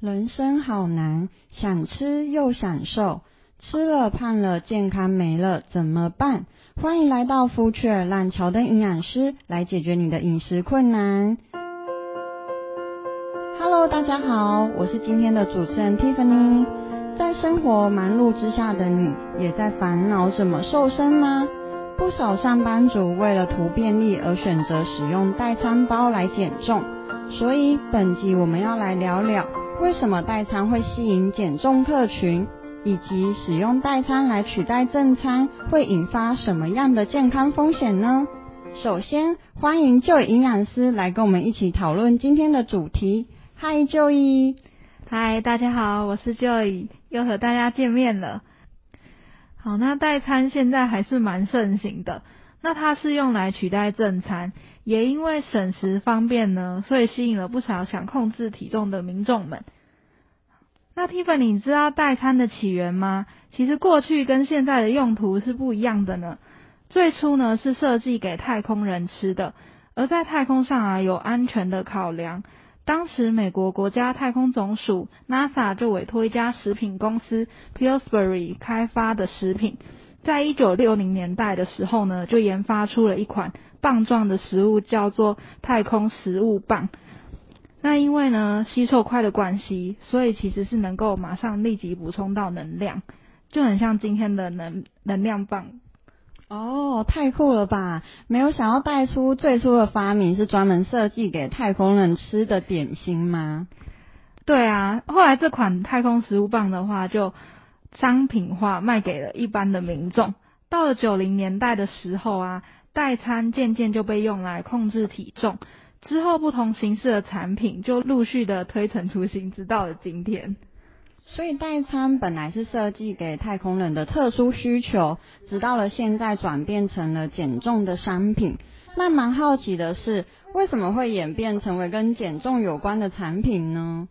人生好難，想吃又想瘦，吃了胖了，健康沒了，怎麼辦？歡迎來到福雀，讓喬登營養師來解決你的飲食困難。Hello，大家好，我是今天的主持人 Tiffany。在生活忙碌之下的你，也在煩惱怎麼瘦身嗎？不少上班族為了圖便利而選擇使用代餐包來減重，所以本集我們要來聊聊。為什麼代餐會吸引減重客群？以及使用代餐來取代正餐，會引發什麼樣的健康風險呢？首先，歡迎 Joey 營養師來跟我們一起討論今天的主題。嗨，Joey。嗨，大家好，我是 Joey，又和大家見面了。好，那代餐現在還是蠻盛行的。那它是用來取代正餐，也因為省時方便呢，所以吸引了不少想控制體重的民眾們。那 Tiffany，你知道代餐的起源嗎？其實過去跟現在的用途是不一樣的呢。最初呢是設計給太空人吃的，而在太空上啊有安全的考量。當時美國國家太空總署 NASA 就委托一家食品公司 Pillsbury 開發的食品。在一九六零年代的時候呢，就研發出了一款棒狀的食物，叫做太空食物棒。那因為呢吸收快的關係，所以其實是能夠馬上立即補充到能量，就很像今天的能能量棒。哦，太酷了吧！沒有想要帶出最初的發明是專門設計給太空人吃的點心嗎？對啊，後來這款太空食物棒的話就。商品化賣給了一般的民眾。到了九零年代的時候啊，代餐漸漸就被用來控制體重。之後不同形式的產品就陸續的推陳出新，直到了今天。所以代餐本來是設計給太空人的特殊需求，直到了現在轉變成了減重的商品。那蠻好奇的是，為什麼會演變成為跟減重有關的產品呢？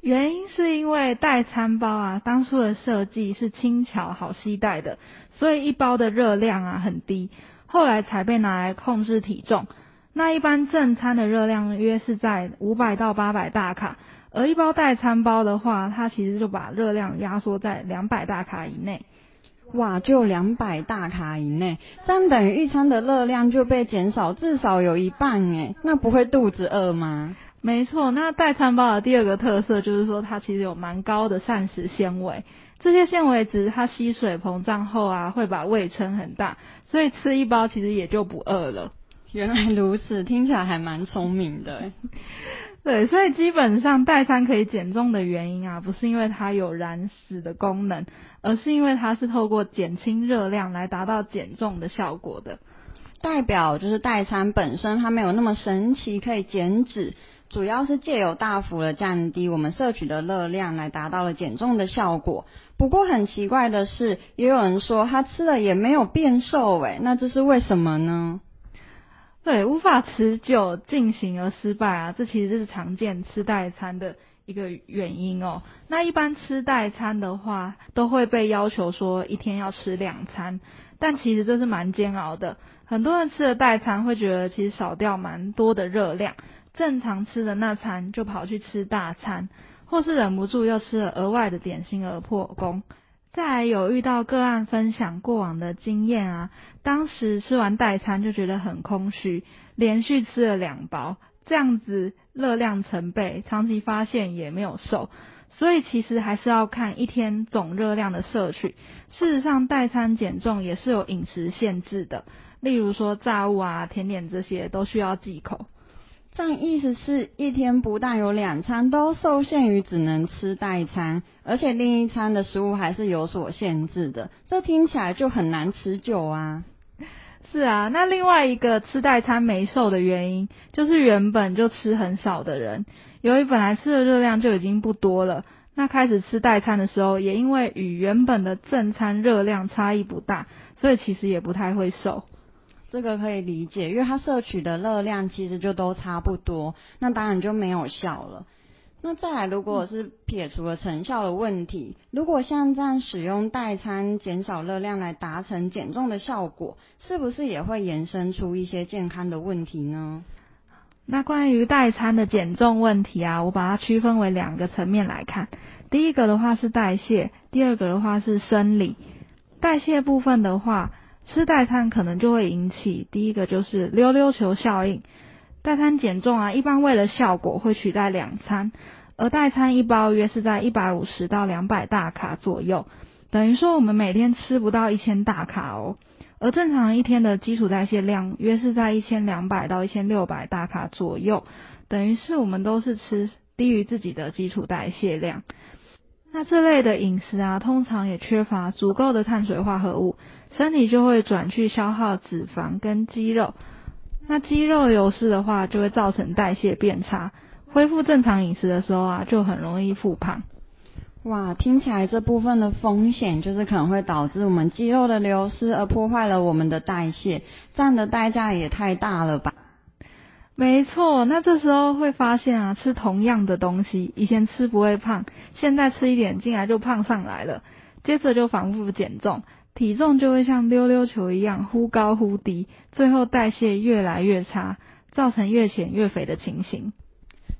原因是因為代餐包啊，當初的設計是輕巧好攜帶的，所以一包的熱量啊很低，後來才被拿來控制體重。那一般正餐的熱量約是在五百到八百大卡，而一包代餐包的話，它其實就把熱量壓縮在兩百大卡以內。哇，就兩百大卡以內，這樣等於一餐的熱量就被減少至少有一半哎，那不會肚子餓嗎？沒錯，那代餐包的第二個特色就是說，它其實有蠻高的膳食纖維，這些纖維質它吸水膨脹後啊，會把胃撐很大，所以吃一包其實也就不餓了。原來如此，聽起來還蠻聰明的。 對，所以基本上代餐可以減重的原因啊，不是因為它有燃脂的功能，而是因為它是透過減輕熱量來達到減重的效果的。代表就是代餐本身它沒有那麼神奇，可以減脂。主要是借由大幅的降低我們攝取的熱量來達到了減重的效果。不過很奇怪的是，也有人說他吃了也沒有變瘦誒、欸、那這是為什麼呢？對，無法持久進行而失敗啊，這其實是常見吃代餐的一個原因哦。那一般吃代餐的話，都會被要求說一天要吃兩餐，但其實這是蠻煎熬的。很多人吃了代餐會覺得其實少掉蠻多的熱量。正常吃的那餐就跑去吃大餐，或是忍不住又吃了額外的點心而破功。再來有遇到個案分享過往的經驗啊，當時吃完代餐就覺得很空虛，連續吃了兩包，這樣子熱量成倍，長期發現也沒有瘦。所以其實還是要看一天總熱量的攝取。事實上，代餐減重也是有飲食限制的，例如說炸物啊、甜點這些都需要忌口。但意思是一天不但有兩餐都受限於只能吃代餐，而且另一餐的食物還是有所限制的。這聽起來就很難持久啊！是啊，那另外一個吃代餐沒瘦的原因，就是原本就吃很少的人，由於本來吃的熱量就已經不多了，那開始吃代餐的時候，也因為與原本的正餐熱量差異不大，所以其實也不太會瘦。這個可以理解，因為它攝取的熱量其實就都差不多，那當然就沒有效了。那再來，如果我是撇除了成效的問題，嗯，如果像這樣使用代餐減少熱量來達成減重的效果，是不是也會延伸出一些健康的問題呢？那關於代餐的減重問題啊，我把它區分為兩個層面來看。第一個的話是代謝，第二個的話是生理。代謝部分的話，吃代餐可能就會引起第一個就是溜溜球效應。代餐減重啊，一般為了效果會取代兩餐，而代餐一包約是在一百五十到兩百大卡左右，等於說我們每天吃不到一千大卡哦。而正常一天的基礎代謝量約是在一千兩百到一千六百大卡左右，等於是我們都是吃低於自己的基礎代謝量。那這類的飲食啊，通常也缺乏足夠的碳水化合物。身體就會轉去消耗脂肪跟肌肉，那肌肉流失的話，就會造成代謝變差。恢復正常飲食的時候啊，就很容易復胖。哇，聽起來這部分的風險就是可能會導致我們肌肉的流失，而破壞了我們的代謝，這樣的代價也太大了吧？沒錯，那這時候會發現啊，吃同樣的東西，以前吃不會胖，現在吃一點進來就胖上來了，接着就反覆減重。體重就會像溜溜球一樣忽高忽低，最後代謝越來越差，造成越減越肥的情形。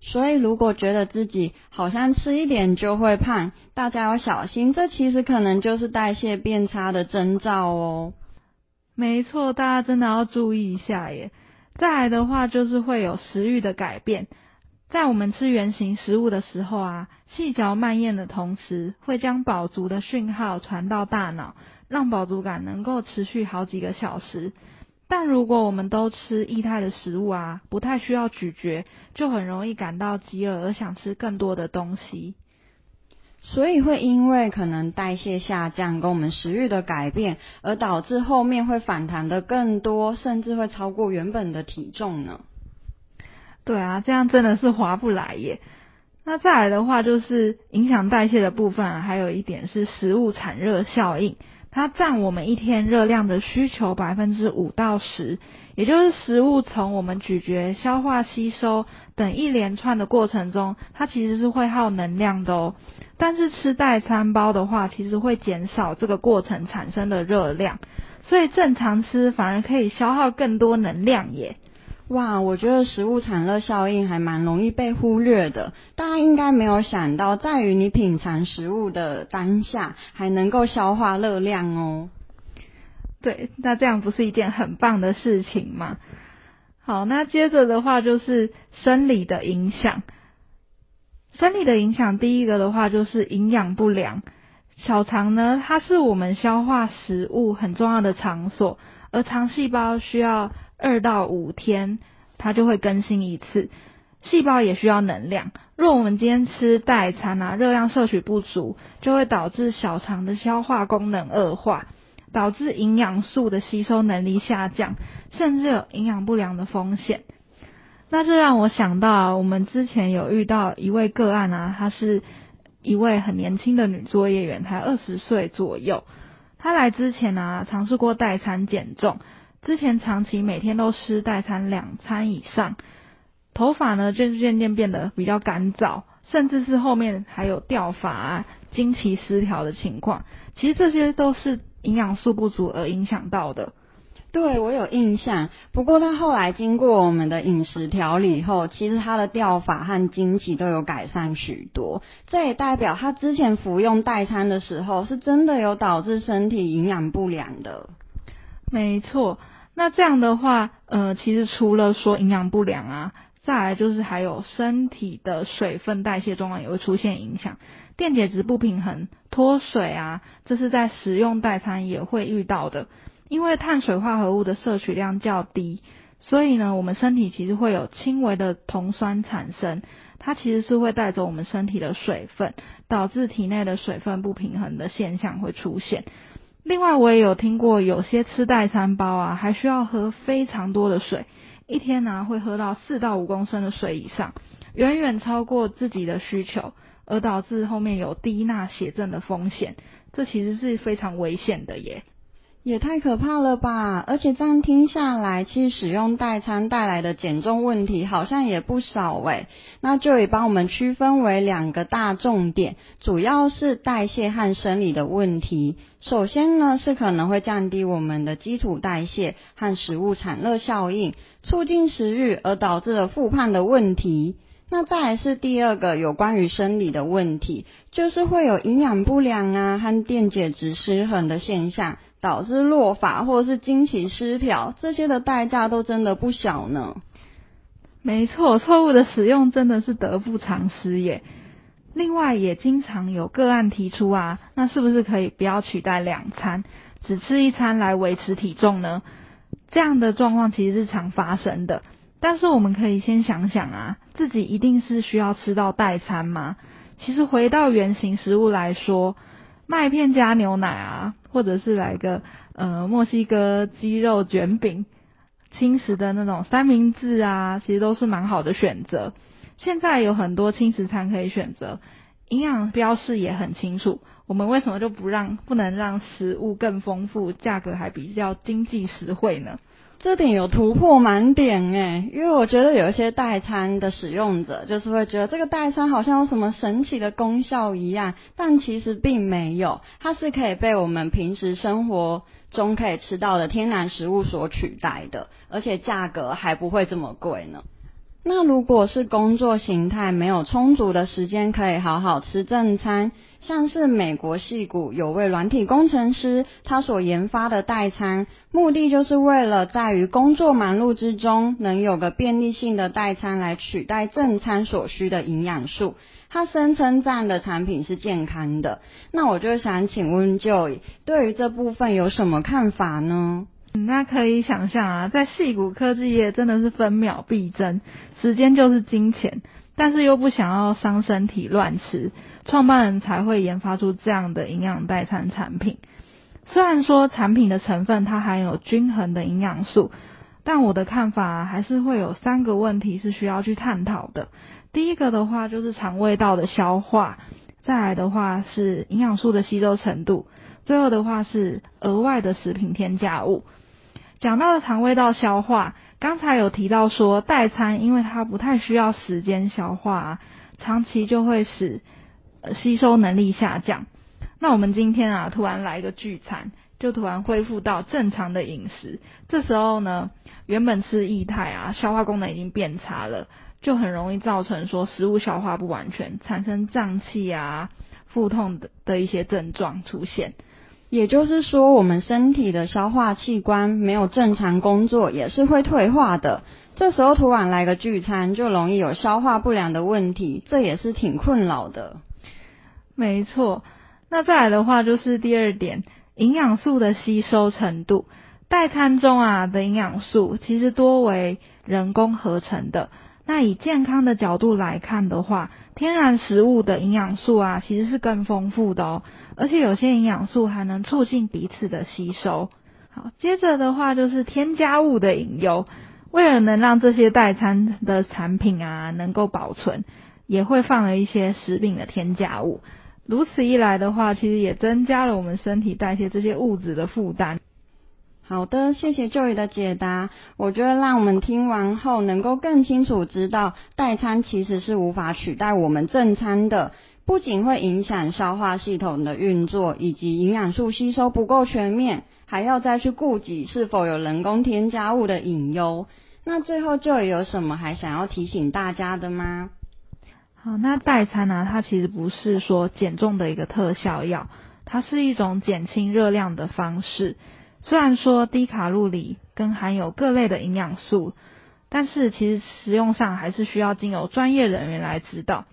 所以如果覺得自己好像吃一點就會胖，大家要小心，這其實可能就是代謝變差的徵兆哦。沒錯，大家真的要注意一下耶。再來的話就是會有食慾的改變，在我們吃原型食物的時候啊，細嚼慢嚥的同時，會將飽足的訊號傳到大腦。讓飽足感能夠持續好幾個小時，但如果我們都吃液態的食物啊，不太需要咀嚼，就很容易感到飢餓而想吃更多的東西，所以會因為可能代謝下降跟我們食慾的改變，而導致後面會反彈的更多，甚至會超過原本的體重呢。對啊，這樣真的是划不來耶。那再來的話，就是影響代謝的部分啊，還有一點是食物產熱效應。它占我們一天熱量的需求百分之五到十，也就是食物從我們咀嚼、消化、吸收等一連串的過程中，它其實是會耗能量的喔。但是吃代餐包的話，其實會減少這個過程產生的熱量，所以正常吃反而可以消耗更多能量耶。哇，我覺得食物產熱效應還蠻容易被忽略的，大家應該沒有想到，在於你品嘗食物的當下還能夠消化熱量哦。對，那這樣不是一件很棒的事情嗎？好，那接着的話就是生理的影響。生理的影響，第一個的話就是營養不良。小腸呢，它是我們消化食物很重要的場所，而腸細胞需要。二到五天，它就會更新一次。細胞也需要能量。若我們今天吃代餐啊，熱量攝取不足，就會導致小腸的消化功能惡化，導致營養素的吸收能力下降，甚至有營養不良的風險。那這讓我想到啊，我們之前有遇到一位個案啊，她是一位很年輕的女作業員，才二十歲左右。她來之前啊，嘗試過代餐減重。之前長期每天都吃代餐兩餐以上，頭髮呢就漸漸變變得比較乾燥，甚至是後面還有掉髮、啊、經期失調的情況。其實這些都是營養素不足而影響到的。對，我有印象，不過他後來經過我們的飲食調理後，其實他的掉髮和經期都有改善許多。這也代表他之前服用代餐的時候，是真的有導致身體營養不良的。沒錯。那這樣的話，呃，其實除了說營養不良啊，再來就是還有身體的水分代謝狀況也會出現影響，電解質不平衡、脫水啊，這是在食用代餐也會遇到的。因為碳水化合物的攝取量較低，所以呢，我們身體其實會有輕微的酮酸產生，它其實是會帶走我們身體的水分，導致體內的水分不平衡的現象會出現。另外，我也有聽過，有些吃代餐包啊，還需要喝非常多的水，一天呢，啊，會喝到四到五公升的水以上，遠遠超過自己的需求，而導致後面有低鈉血症的風險，這其實是非常危險的耶。也太可怕了吧！而且這樣聽下來，其實使用代餐帶來的減重問題好像也不少誒、欸，那就也幫我們區分為兩個大重點，主要是代謝和生理的問題。首先呢，是可能會降低我們的基礎代謝和食物產熱效應，促進食慾而導致的復胖的問題。那再來是第二個，有關於生理的問題，就是會有營養不良啊和電解質失衡的現象。導致落髮或是經期失調，這些的代價都真的不小呢。沒錯，錯誤的使用真的是得不償失耶。另外，也經常有個案提出啊，那是不是可以不要取代兩餐，只吃一餐來維持體重呢？這樣的狀況其實是常發生的。但是我們可以先想想啊，自己一定是需要吃到代餐嗎？其實回到原型食物來說。麥片加牛奶啊，或者是來個呃墨西哥雞肉捲餅，輕食的那種三明治啊，其實都是蠻好的選擇。現在有很多輕食餐可以選擇，營養標示也很清楚。我們為什麼就不讓不能讓食物更豐富，價格還比較經濟實惠呢？這點有突破滿點欸，因為我覺得有一些代餐的使用者，就是會覺得這個代餐好像有什麼神奇的功效一樣，但其實並沒有，它是可以被我們平時生活中可以吃到的天然食物所取代的，而且價格還不會這麼貴呢。那如果是工作型態沒有充足的時間可以好好吃正餐，像是美國矽谷有位軟體工程師，他所研發的代餐，目的就是為了在於工作忙碌之中，能有個便利性的代餐來取代正餐所需的營養素。他聲稱這樣的產品是健康的。那我就想請問 Joey，對於這部分有什麼看法呢？那可以想象啊，在矽谷科技業真的是分秒必爭，時間就是金錢。但是又不想要傷身體亂吃，創辦人才會研發出這樣的營養代餐產品。雖然說產品的成分它含有均衡的營養素，但我的看法啊，還是會有三個問題是需要去探討的。第一個的話就是腸胃道的消化，再來的話是營養素的吸收程度，最後的話是額外的食品添加物。講到了腸胃道消化，剛才有提到說代餐，因為它不太需要時間消化，啊，長期就會使、呃、吸收能力下降。那我們今天啊，突然來一個聚餐，就突然恢復到正常的飲食，這時候呢，原本吃液態啊，消化功能已經變差了，就很容易造成說食物消化不完全，產生脹氣啊，腹痛的的一些症狀出現。也就是說，我們身體的消化器官沒有正常工作，也是會退化的。這時候突然來個聚餐，就容易有消化不良的問題，這也是挺困擾的。沒錯，那再來的話就是第二點，營養素的吸收程度。代餐中啊的營養素，其實多為人工合成的。那以健康的角度來看的話，天然食物的營養素啊，其實是更豐富的哦，而且有些營養素還能促進彼此的吸收。好，接着的話就是添加物的隱憂。為了能讓這些代餐的產品啊能夠保存，也會放了一些食品的添加物，如此一來的話，其實也增加了我們身體代謝這些物質的負擔。好的，謝謝就 o 的解答。我覺得讓我們聽完後能夠更清楚知道，代餐其實是無法取代我們正餐的，不僅會影響消化系統的運作，以及營養素吸收不夠全面，還要再去顧及是否有人工添加物的隱憂。那最後就 o 有什麼還想要提醒大家的嗎？好，那代餐呢、啊？它其實不是說減重的一個特效藥，它是一種減輕熱量的方式。雖然說低卡路里跟含有各類的營養素，但是其實食用上還是需要經由專業人員來指導。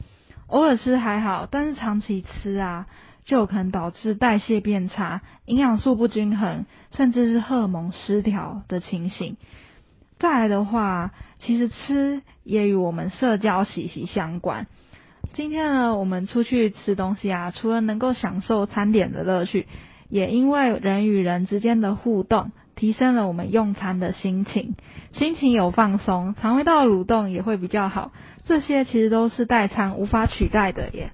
偶爾吃還好，但是長期吃啊，就有可能導致代謝變差、營養素不均衡，甚至是荷爾蒙失調的情形。再來的話，其實吃也與我們社交息息相關。今天呢，我們出去吃東西啊，除了能夠享受餐點的樂趣。也因為人與人之間的互動，提升了我們用餐的心情，心情有放鬆，腸胃道蠕動也會比較好，這些其實都是代餐無法取代的耶。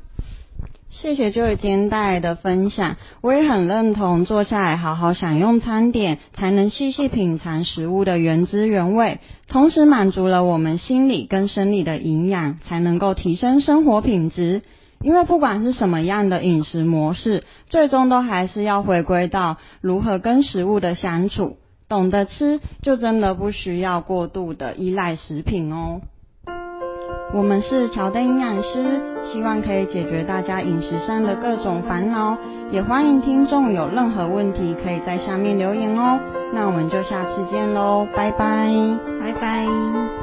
謝謝 Joey 今天帶來的分享，我也很認同，坐下來好好享用餐點，才能細細品嘗食物的原汁原味，同時滿足了我們心理跟生理的營養，才能夠提升生活品質。因為不管是什麼樣的飲食模式，最終都還是要回歸到如何跟食物的相處。懂得吃，就真的不需要過度的依賴食品哦。我們是喬登營養師，希望可以解決大家飲食上的各種煩惱，也歡迎聽眾有任何問題可以在下面留言哦。那我們就下次見嘍，拜拜，拜拜。